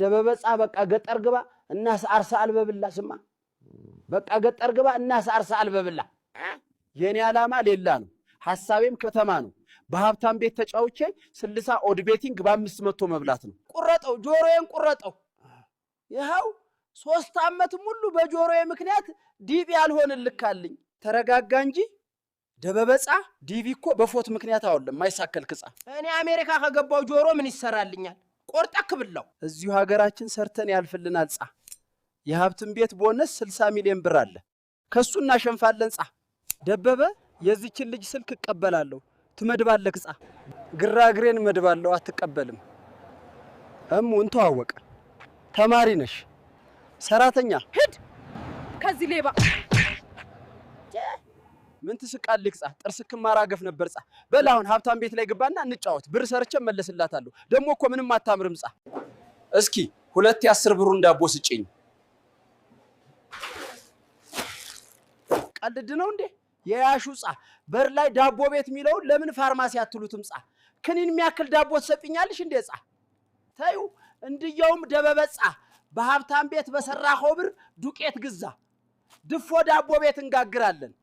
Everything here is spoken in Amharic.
ደበበፃ በቃ ገጠር ግባ እና ሰዓርሳ አልበብላ ስማ በቃ ገጠር ግባ እና ሰዓርሳ አልበብላ። የእኔ ዓላማ ሌላ ነው። ሐሳቤም ከተማ ነው። በሀብታም ቤት ተጫውቼ ስልሳ ኦድ ቤቲንግ በአምስት መቶ መብላት ነው። ቁረጠው፣ ጆሮዬን ቁረጠው። ይኸው ሶስት ዓመት ሙሉ በጆሮዬ ምክንያት ዲቢ አልሆንልካልኝ። ተረጋጋ እንጂ ደበበፃ። ዲቪ እኮ በፎት ምክንያት አወለም ማይሳከል ክጻ። እኔ አሜሪካ ከገባው ጆሮ ምን ይሰራልኛል? ቆርጠክ ክብለው እዚሁ ሀገራችን ሰርተን ያልፍልናል። ጻ የሀብትን ቤት ቦነስ 60 ሚሊዮን ብር አለ ከሱ እናሸንፋለን። ጻ ደበበ የዚችን ልጅ ስልክ እቀበላለሁ ትመድባለህ። ጻ ግራግሬን መድባለሁ አትቀበልም። እሙ እንተዋወቀ ተማሪ ነሽ ሰራተኛ ሂድ ከዚህ ሌባ ምን ትስቃልክ? ጻ ጥርስክ ማራገፍ ነበር ጻ በል አሁን ሀብታም ቤት ላይ ግባና እንጫወት። ብር ሰርቼ መለስላታለሁ። ደግሞ እኮ ምንም አታምርም ጻ። እስኪ ሁለት የአስር ብሩን ዳቦ ስጪኝ። ቀልድ ነው እንዴ? የያሹ ጻ በር ላይ ዳቦ ቤት የሚለውን ለምን ፋርማሲ አትሉትም ጻ? ክኒን የሚያክል ዳቦ ትሰጥኛለሽ እንዴ ጻ? ተዩ እንድየውም ደበበ ጻ በሀብታም ቤት በሰራኸው ብር ዱቄት ግዛ፣ ድፎ ዳቦ ቤት እንጋግራለን።